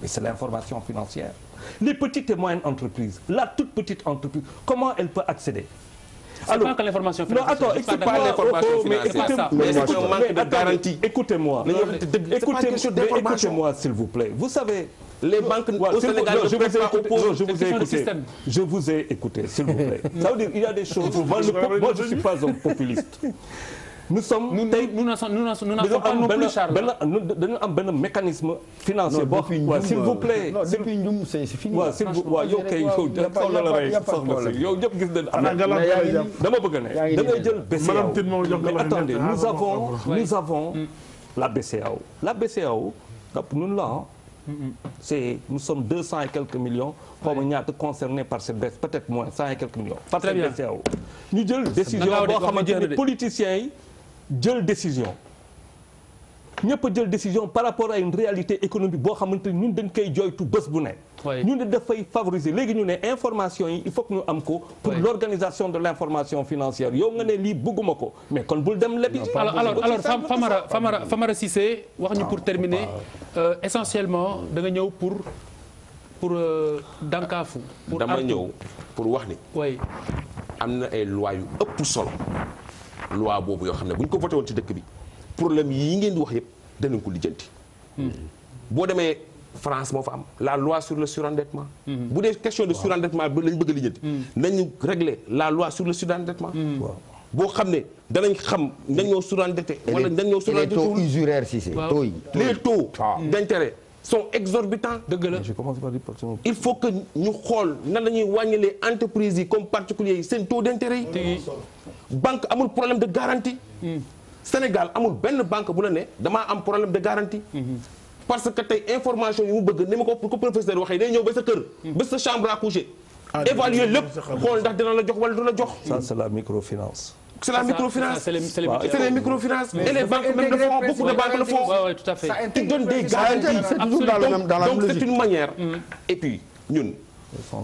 Mais c'est l'information financière. Les petites et moyennes entreprises, la toute petite entreprise, comment elle peut accéder c'est pas que l'information financière. Non, attends, c'est pas oh, oh, l'information financière. Mais c'est un manque de garantie. Écoutez-moi. Écoutez-moi, s'il vous plaît. Vous savez, les banques au Sénégal ne prêtent pas aux pauvres. Je vous ai écouté. Je vous ai écouté, s'il vous plaît. [laughs] Ça veut dire qu'il y a des choses. Moi, je ne suis pas un populiste. nous sommes tey nous nous dañu am benn mécanisme financier boo waaw s'il vous plaît depuis ñum c'est fini waaw s'il vous waaw yow kay yow soxla la rey soxla si yow ñëpp gis nañ am dama bëgg ne da ngay jël BCEAO mais attendez ah, nous avons nous avons mm. la BCEAO la BCEAO dap nun la c'est nous sommes deux cent et quelques millions xaw ma ñaata concernés par cette baisse peut-être moins cent et quelques millions par cette BCEAO ñu jël décision boo xamante ni politiciens yi jël décision ñëpp jël décision par rapport à une réalité économique boo xamante ñun dañ koy jooytu bés bu ne ñun ne dafay favoriser léegi ñu ne information yi il faut que ñu am ko pour oui. l'organisation de l'information financière yow nga ne lii bëgguma ko mais kon bul dem lépp alors alors Famara Famara Famara Cissé wax ñu pour ah, terminer ah, ah. euh, essentiellement da ñëw pour pour euh, dankaafu dama ñëw pour wax ni am na ay loi yu ëpp solo loi boobu yoo xam ne bu ñu ko voté woon ci dëkk bi problème yi ngeen di wax yëpp danañ ko lijjanti. boo demee France moo fa am la loi sur le surendettement. Mm-hmm. bu dee question de surendettement bi lañ bëgg a lijjanti. Mm-hmm. nañu régler la loi sur le surendettement. Mm-hmm. boo xam ne danañ xam nañ ñoo surendetté. wala nañ ñoo surendetté les taux usuraires si c'est taux yi les taux ah. d'intérêt sont exorbitants. dëgg la il faut que ñu xool nan la ñuy wàññilee entreprises yi comme particuliers yi seen taux d'intérêt yi. banque amul problème de garantie. Sénégal amul benn banque bu la ne damaa am problème de garantie. parce que tey information yi mu bëgg ni ma ko ko professeur waxee day ñëw ba sa kër. ba sa chambre à coucher. Ah, évaluer lépp xool ndax dina la jox wala du la jox. ça c'est la microfinance. c'est la microfinance c'est les microfinances et les banques même le font beaucoup de banques le font. oui oui tout c'est une manière. Mm. et puis ñun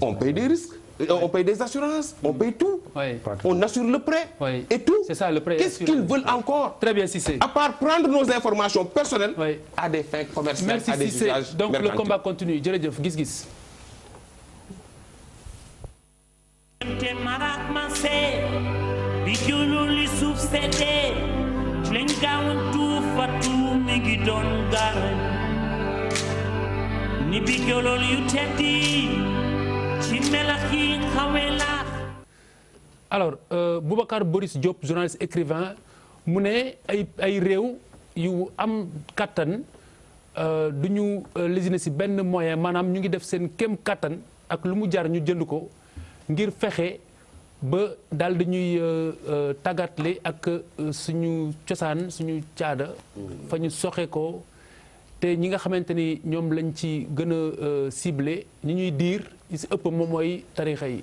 on paye des risques. Euh, on paye des assurances, on mm. paye tout. Oui. On assure le prêt oui. et tout. C'est ça le prêt. Qu'est-ce qu'ils veulent encore Très bien Cissé. À part prendre nos informations personnelles oui. à des fins commerciales, Merci, à des Cissé. usages Donc mercantiles. le combat continue. jërëjëf gis-gis. ni bi yu teddi ci melaxi xawela alors euh, Boubacar Boris Diop journaliste écrivain mu ne ay ay réew yu am kàttan euh, du ñu euh, si benn moyen maanaam ñu ngi def seen kem kàttan ak lu mu jar ñu jënd ko ngir fexe ba daal di ñuy euh, euh, tàggatle ak suñu cosaan suñu caada. Mm. fa ñu soxe ko te ñi nga xamante ni ñoom lañ ci gën a ciblé ñi ñuy diir. yi si ëpp moom mooy tarixa yi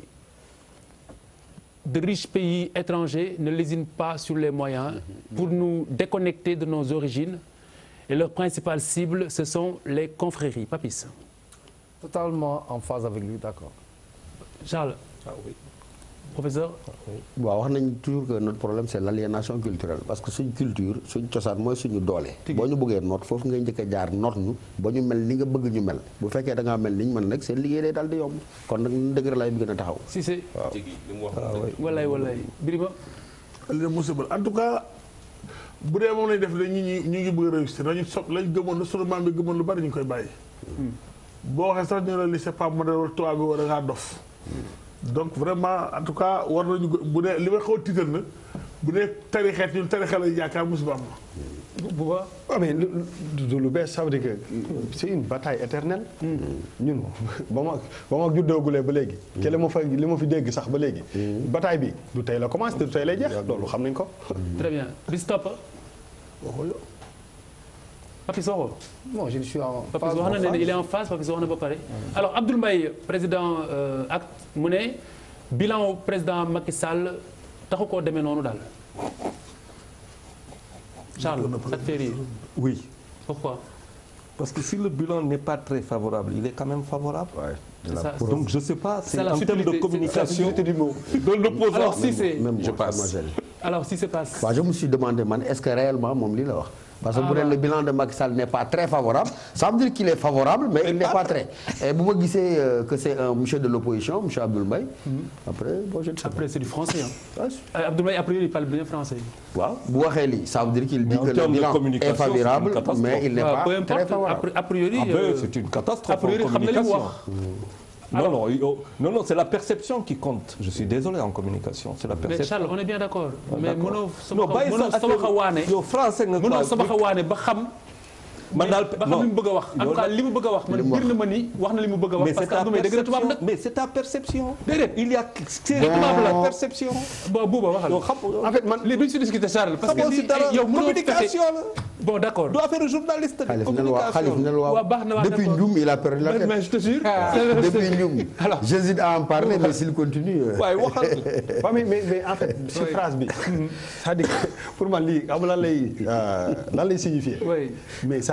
de riches pays étrangers ne lésinent pas sur les moyens pour mm-hmm. nous déconnecter de nos origines et leur principale cible ce sont les confréries papis totalement en phase avec lui d'accord Charles ah oui professeur waaw wax nañ toujours que notre problème c'est l'aliénation culturelle parce que suñ culture suñ cosaan mooy suñu doole boo ñu bëggee noot foofu ngay njëkk jaar noot ñu ba ñu mel ni nga bëgg ñu mel bu fekkee da ngaa mel ni ñu mën nag seen liggéey day daal di yomb kon nag nu dëgër laay bi gën a taxaw si si walaay ah, walaay Birima leen musibal en tout cas bu dee moom def la ñu ñu ñu ngi bëgg a réussir gëmoon la sunu maam bi gëmoon lu bari ñu koy bàyyi hmm. boo waxee sax ñu la li c'est pas modèle tubaab bi war a dof donc vraiment en tout cas war nañu bu dee li may xaw a tiital na bu dee tarixeet ñun tarixe lañu yaakaar musiba am na. bu ba ah, mais lu bees ça veut bataay que c'est une bataille éternelle. Hmm. ñun ba ma ba ma juddoogulee ba léegi. Hmm. te li ma fa li ma fi dégg sax ba léegi. Hmm. bataille bi du tey la commencé du tey lay jeex loolu xam nañ ko. très bien bis topp. Papis soo non je ne suis en. Papis wax na ne il est en phase Papis wax na ba pare. alors Abdoul Mbaye président euh, ak mu ne bilan président Macky Sall taxu koo demee noonu daal. Charles Satteri oui. pourquoi. parce que si le bilan n'est pas très favorable il est quand même favorable. donc je ne pas c'est en termes de communication [laughs] de l'opposant alors si c'est je alors je me suis demandé man est-ce que réellement moom lii la wax ah, n'est pas très favorable ça qu'il est favorable mais il n'est pas très et bu ma gisee euh, que c'est un monsieur de l'opposition monsieur Abdoul Mbaye mm-hmm. après bon je ne sais pas après français ah euh, après il parle bien français waaw bu waxee lii ça veut dire qu'il dit que le bilan Alors, non, non, non, non c'est la perception qui compte. Je suis désolé en communication, c'est la perception. Mais Charles, on est bien d'accord. Ah, Mais mënoo sama xawaane. yow français nga. mënoo sama xawaane ba xam. man daal ba xam li mu bëgg a wax en tout cas li mu bëgg a wax man ngir na ma ni wax na li mu bëgg a wax parce que am may dëgg la tubaab nag mais c'est ta perception déedéet il y a c'est la perception bo buuba waxal en fait man li duñ si discuter Charles parce que yow communication la bon d'accord du affaire journaliste de communication waaw baax na depuis Ndioum il a perdu la tête mais je te jure ah. [laughs] depuis Ndioum j'hésite à en parler mais s'il continue euh. [laughs] waaw waxal mais mais en fait si phrase bi [laughs] c'est-à-dire pour man lii xam lan lay euh, lan lay signifier mais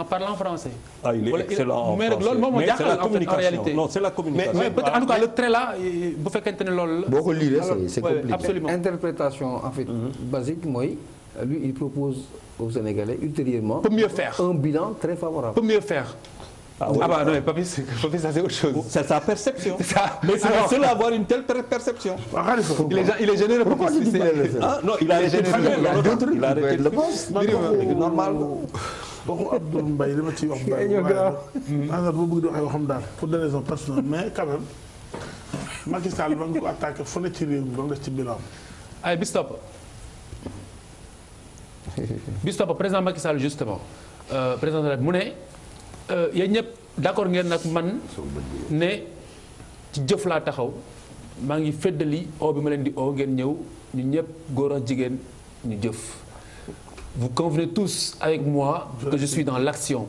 en parlant français. ah il est excellent en français mais nag loolu moom moo jaaxal en fait en réalité non c'est la communication mais mais peut-être en tout cas le trait là bu fekkente ne loolu la. boo ko lire c'est compliqué absolument interprétation en fait mhm. basique mooy. lui il propose aux Sénégalais ultérieurement. peut mieux faire un bilan très favorable. peut mieux faire. ah oui ah bah non mais Papis Papis ça c'est autre chose. c'est sa perception. c'est ça mais c'est le seul à avoir une telle perception. Ah, il est il est généreux. pourquoi tu dis ah non il a il a généreux. il a d'autres il a normal. waxu Abdoul Mbaye li ma ciy wax. Mbaye bu baax di wax yoo xam daal pour des raisons personnelles mais quand même Macky Sall ba nga ko attaqué fu ne ci réew mi ba mu des ci bilan ay bis topp président Macky justement euh, président de mu ne euh, yéen ñëpp d'accord ngeen nag man ne ci jëf laa taxaw maa ngi féddali oo bi ma leen di oo ngeen ñëw ñu ñëpp góor jigéen ñu jëf. Vous convenez tous avec moi que je suis dans l'action.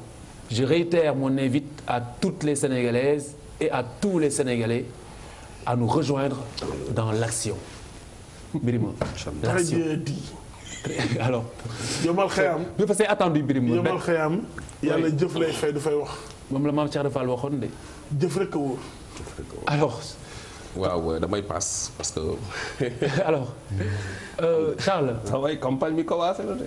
Je réitère mon invite à toutes les Sénégalaises et à tous les Sénégalais à nous rejoindre dans l'action. Birima. Très bien dit. alors. yomal xëyam. bi fa see attendu Birima. yomal xëyam. yàlla jëf lay fay dafay wax. moom la maam Thierno Fall waxoon de. jëf rek a wóor. jëf rek a wóor alors. waaw euh, damay paas parce que. [laughs] alors. Euh, Charles. sa way campagne bi commencé la de.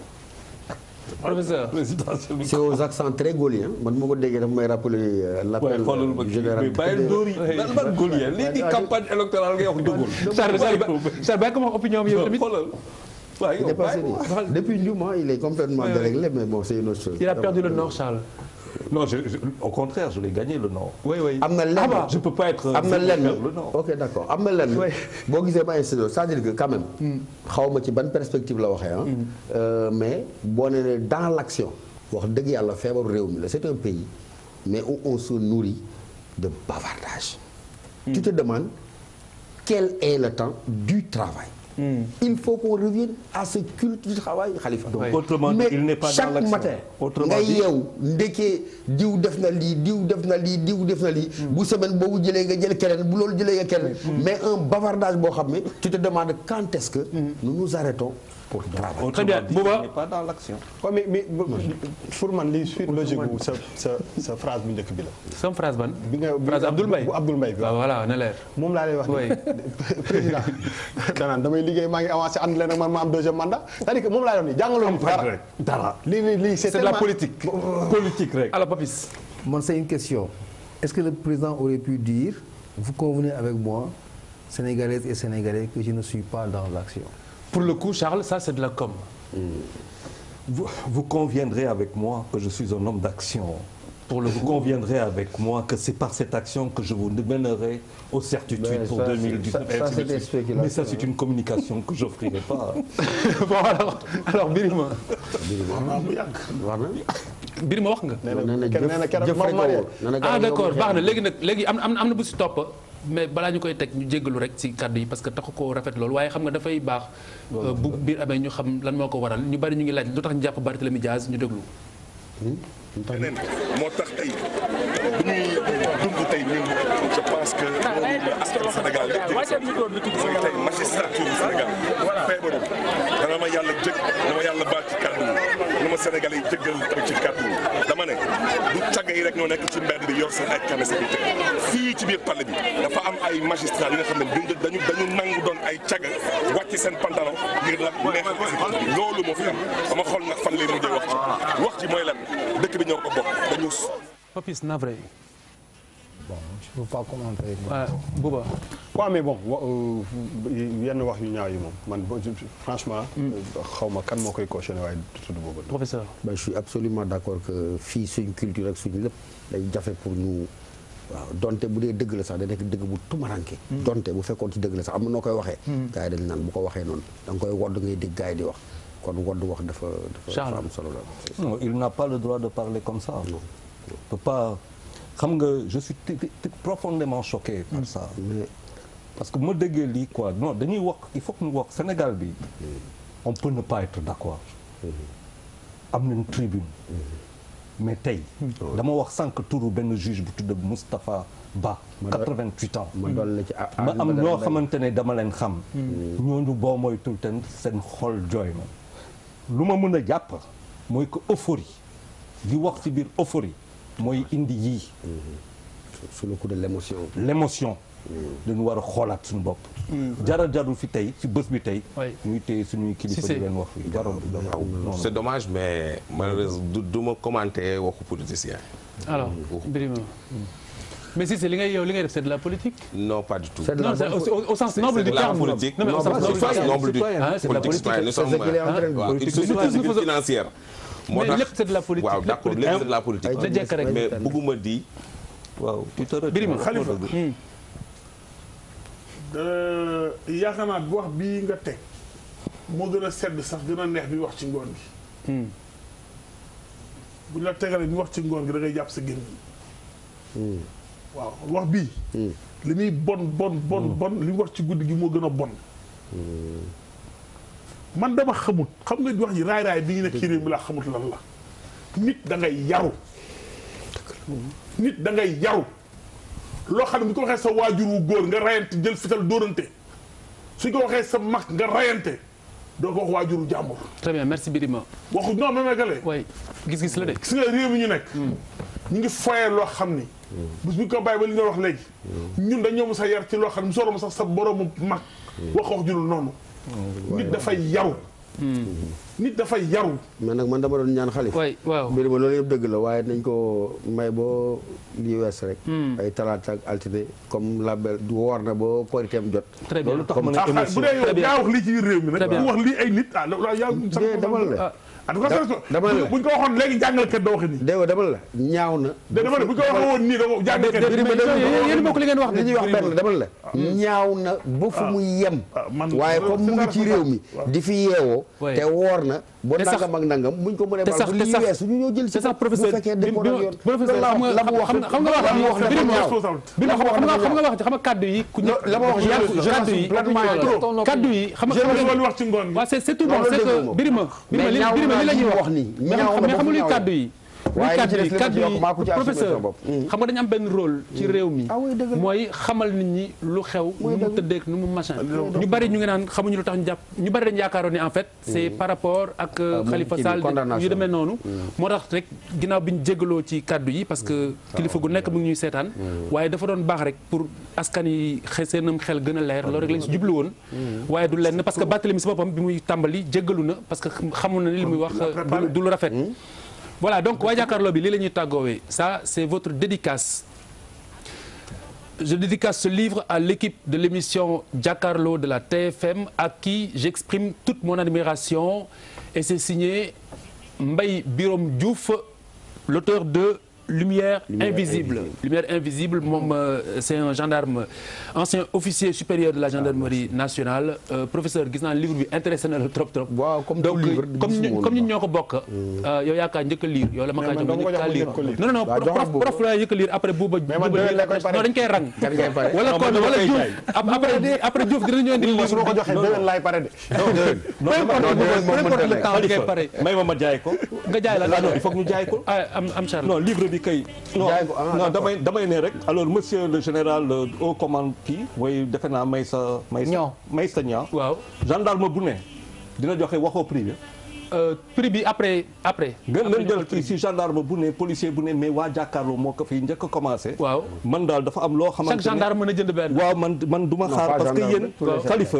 professeur présidentiel bi. c'est aux accents très gauliens man ma ko déggee rappeler euh, l'appel euh, général bi bàyyil dóor di campagne électorale ngay wax dëggul. Sarr opinion bi yow tamit xoolal. waaw depuis Ndiouma il est complètement déréglé mais bon c'est une autre chose. il a perdu le nord Charles. non je, je, au contraire je l'ai gagné am na lenn ah bah, peux pas être. Euh, am na lenn ok d' accord am na lenn. boo gisee ma institut cest à xaw ma ci ban perspective la waxee ah. mais boo nee dans l' wax dëgg yàlla feebaru réew mi la est un pays mais où on se nourrit de bavardage. Mm. tu te demandes quel est le temps du travail. Hmm. il faut qu'on revienne à ce culte du xalifa. donc autrement dit il n'est pas dans l'action mais chaque matin. autrement nga yeew ndekkee diw def na lii diw def na lii diw def na lii. Hmm. bu semaine boobu jëlee nga jël keneen bu loolu jëlee nga keneen. Hmm. mais un bavardage boo xam ne tu te demandes quand est-ce que. nous nous arrêtons. pour travailler. très bien Bouba pas dans l'action. waaw mais pour man liy suite logique gu sa phrase bu njëkk bi la. sama phrase ban. bi nga phrase Abdoul Mbaye bu Abdoul Mbaye bi. waaw voilà moom laa lay wax nii [laughs] président. [laughs] danaan damay liggéey maa ngi avancé ànd leen ak man ma am deuxième mandat c'est-à-dire que moom laa lay wax nii jàngaloon. dara dara lii c'est de la politique. Oh. politique rek Papis. man c'est une question est-ce que le président aurait pu dire vous convenez avec moi sénégalaises et sénégalais que je ne suis pas dans l'action. Pour le coup, Charles, ça c'est de la com. Vous, vous conviendrez avec moi que je suis un homme d'action. Pour le vous coup. conviendrez avec moi que c'est par cette action que je vous mènerai aux certitudes Mais pour 2019. Mais ça, c'est une communication que j'offrirai pas. bon, alors, alors Birima. Birima wax nga. nee na jëf nee na keroog ah d'accord baax na léegi nag léegi am na am na bu si topp. mais balaa ñu koy teg ñu jéggalu rek ci kàddu yi parce que taxu koo rafet loolu waaye xam nga dafay baax euh, bu biir amee ñu xam lan moo ko waral ñu bari ñu ngi laaj lu tax ñu jàpp Barthélemy Diaz ñu déglu hmm? moo tax tey jóge tey magistrature bu Sénégal feebaru dana ma yàlla jëg dana ma yàlla baal ci kàddu na ma Sénégal yi jëggal tam ci kàddu dama ne du yi rek ñoo nekk ci mbedd bi yor seen ay fii ci biir pale bi dafa am ay magistrat yi nga xam ne dañu dañu nangu doon ay cagga wàcc seen pantalon ngir la neexal loolu moo fi am dama xool nag fan lay mujjee wax ci wax ci mooy lan dëkk bi ñoo ko bokk dañu Papis navré bon je ne peux pas commenter. Bouba. waaw mais bon euh, yenn wax yu ñaaw yi moom man franchement. Hmm. Euh, xaw ma kan moo koy cautionné waaye tudd boobu. professeur. je suis absolument d' accord que fii suñ culture ak suñ lépp day jafe pour ñu. waaw donte bu dee dëgg la sax da nekk dëgg bu tumaranke hmm. donte bu fekkoon ci dëgg la sax am na noo koy waxee hmm. gars yi dañ naan bu ko waxee noonu da koy wodd ngay dégg gars yi di wax kon wodd wax dafa dafa am solo la non il n'a pas le droit de parler comme ça non. peut pas xam nga je suis profondément choqué par ça mm. parce que ma déggee lii quoi non dañuy wax il faut que ñu wax Sénégal bi mm. on peut ne pas être d'accord mm. am nañ tribune mais tey dama wax sànq turu benn juge bu tudd Moustapha Ba 88 ans ba am ñoo xamante ne dama leen xam ñooñu boo mooy tul ten seen xol jooy na lu ma mën a jàpp mooy que euphorie di wax ci biir euphorie mooy indi yii. Mm-hmm. sous le coup de l'émotion. l'émotion. Mm-hmm. dañu war a xoolaat suñu bopp. Mm-hmm. jaral jarul fi tey ci bés bi tey. ñuy téye suñuy kilifa di leen wax. c' est dommage mais malheureusement du du commenter waxu politicien. mais si c'est li ngay yow li ngay def c'est de la politique. non pas du tout. c'est de la au sens noble du terme politique. non mais au sens noble du politique. c'est la politique citoyenne nous euh, financière. moo tax lépp c'est de la politique waaw d'accord lépp c'est de la politique. da jekk rek mais bëgguma di. waaw Birima Khalifa. Hmm. Euh, yaakaar naa wax bii nga teg moo gën a sedd sax gën a neex bi wax ci ngoon gi. Hmm. bu la tegalee bi wax ci ngoon gi da ngay jàpp sa génn. Hmm. waaw wax bii. li muy bon bon bon bon li mu wax ci guddi gi moo gën a bon. man dama xamut xam nga wax ji raay bi ñu nekk ci réew mi laa xamut lan la nit da ngay yaru nit da ngay loo xam ne bu ko waxee sa waajur wu góor nga rayante jël fital dóorante su ko waxee sa mag nga rayante doo ko wax waajuru jàmbur. très bien merci Birima. waxu non ma megale. waay gis-gis la de. gis nga réew mi ñu nekk. Hmm. ñu ngi foyee loo xam ni. Hmm. bis bu ñu ko bàyyi ba li nga wax léegi. Hmm. ñun dañoo mos sa yar ci loo xam ne mu sorom sax sa boroomu mag. wax wax ju noonu. Oh, nit dafa yaru. Hmm. nit dafa yaru. mais nag man dama doon ñaan xalif waay waaw mbir ma loolu yëpp dëgg la waaye nañ ko may boo lii wees rek. Hmm. ay talaata ak altine comme label du woor na boo koriteem jot. très bien ma ne ah, émission bu dee yow wax lii ci réew mi nag. ku wax lii ay nit ah loolu yaa. dama la en tout cas dama la buñ ko waxoon léegi jàngalekat doo la ñaaw na. dama la buñ ko waxee woon nii da ko jàngalekat. li ngeen wax li ñuy wax benn dama la. ñaaw na ba fu ah. mu yem. Ah, waaye comme mu ngi ci réew mi di fi yeewoo. te woor na boo nangam ak nangam buñ ko mënee baal sax professeur bi xam nga wax bi mu wax bi mu wax xam nga kaddu yi ku ñu la ma wax kaddu yi kaddu yi xam nga wax ngoon birima li la wax nii mais xam nga luy kaddu yi waaye li ci des li ma ci yokk maa ko ci assuré sama professeur xam nga dañu am benn rôle. ci réew mi ah mooy xamal nit ñi lu xew. nu mu tëddeeg nu mu machin. Ah, ñu bari ñu ngi naan xamuñu lu tax ñu jàpp ñu bari dañu yaakaaroon ni en fait. c'est mm-hmm. par rapport ak ah, euh, Khalifa Sall yu demee noonu. Mm-hmm. moo tax rek ginnaaw bi ñu jégaloo ci kaddu yi parce que mm-hmm. kilifa gu nekk mu ngi ñuy seetaan. waaye dafa doon baax rek pour askan yi seenam xel gën a leer loolu rek lañ si jublu woon. waaye du lenn parce que Barthélemy si boppam bi muy tàmbali jégalu na parce que xamu na li muy wax du lu rafet hmm? voilà donc waa jàkkaarloo bi lii la ñuy tàggoowee ça c'est votre dédicace je dédicace ce livre à l'équipe de l'émission Jàkkaarloo de la TFM à qui j'exprime toute mon admiration et c'est signé Mbaye Birom Diouf l'auteur de lumière invisible lumière invisible moom c'est un gendarme ancien officier supérieur de la gendarmerie nationale professeur gis livre bi intéressé na trop trop donc comme ñun ñoo ko bokk yow yaa kaa njëkk a lire yow la ma njëkk a lire non non non prof laa njëkk a lire après buuba non dañ rang wala ko joxee déwén pare de may ma ma jaay ko nga jaay la ko am charles bi kay. jaay ko ah, non damay damay ne rek. alors monsieur le général haut euh, commande kii mooy defe naa Maysa. Maysa Maysa Niang waaw gendarme bu ne dina joxe waxoo privé. Euh, prix bi après après. gën leen jël prix si gendarme bu ne policier bu ne mais waa jàkkaarloo moo ko fiy njëkk a commencé. waaw man daal dafa am loo xamante ne a jënd benn. waaw man man du ma xaar parce que yéen. xalifa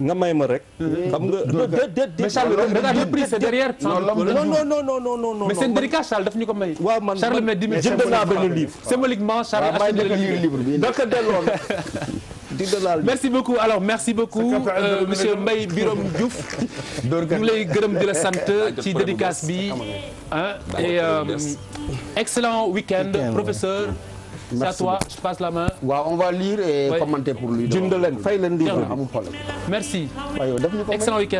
nga may ma rek. Mm. xam nga déet déet mais Charles regarde le prix c'est derrière. non non non non non non non mais c'est délicat Charles daf ñu ko may. waaw man Charles mais jënd naa benn livre. symboliquement Charles acheté le livre. [laughs] merci beaucoup alors merci beaucoup euh, monsieur Mbaye Birom Diouf [laughs] ñu lay gërëm di la sant [laughs] ci dédicace bi ah et euh, excellent week-end professeur à je passe la main waaw on va lire et commenter pour lui jënd leen fay leen lire amul problème merci excellent week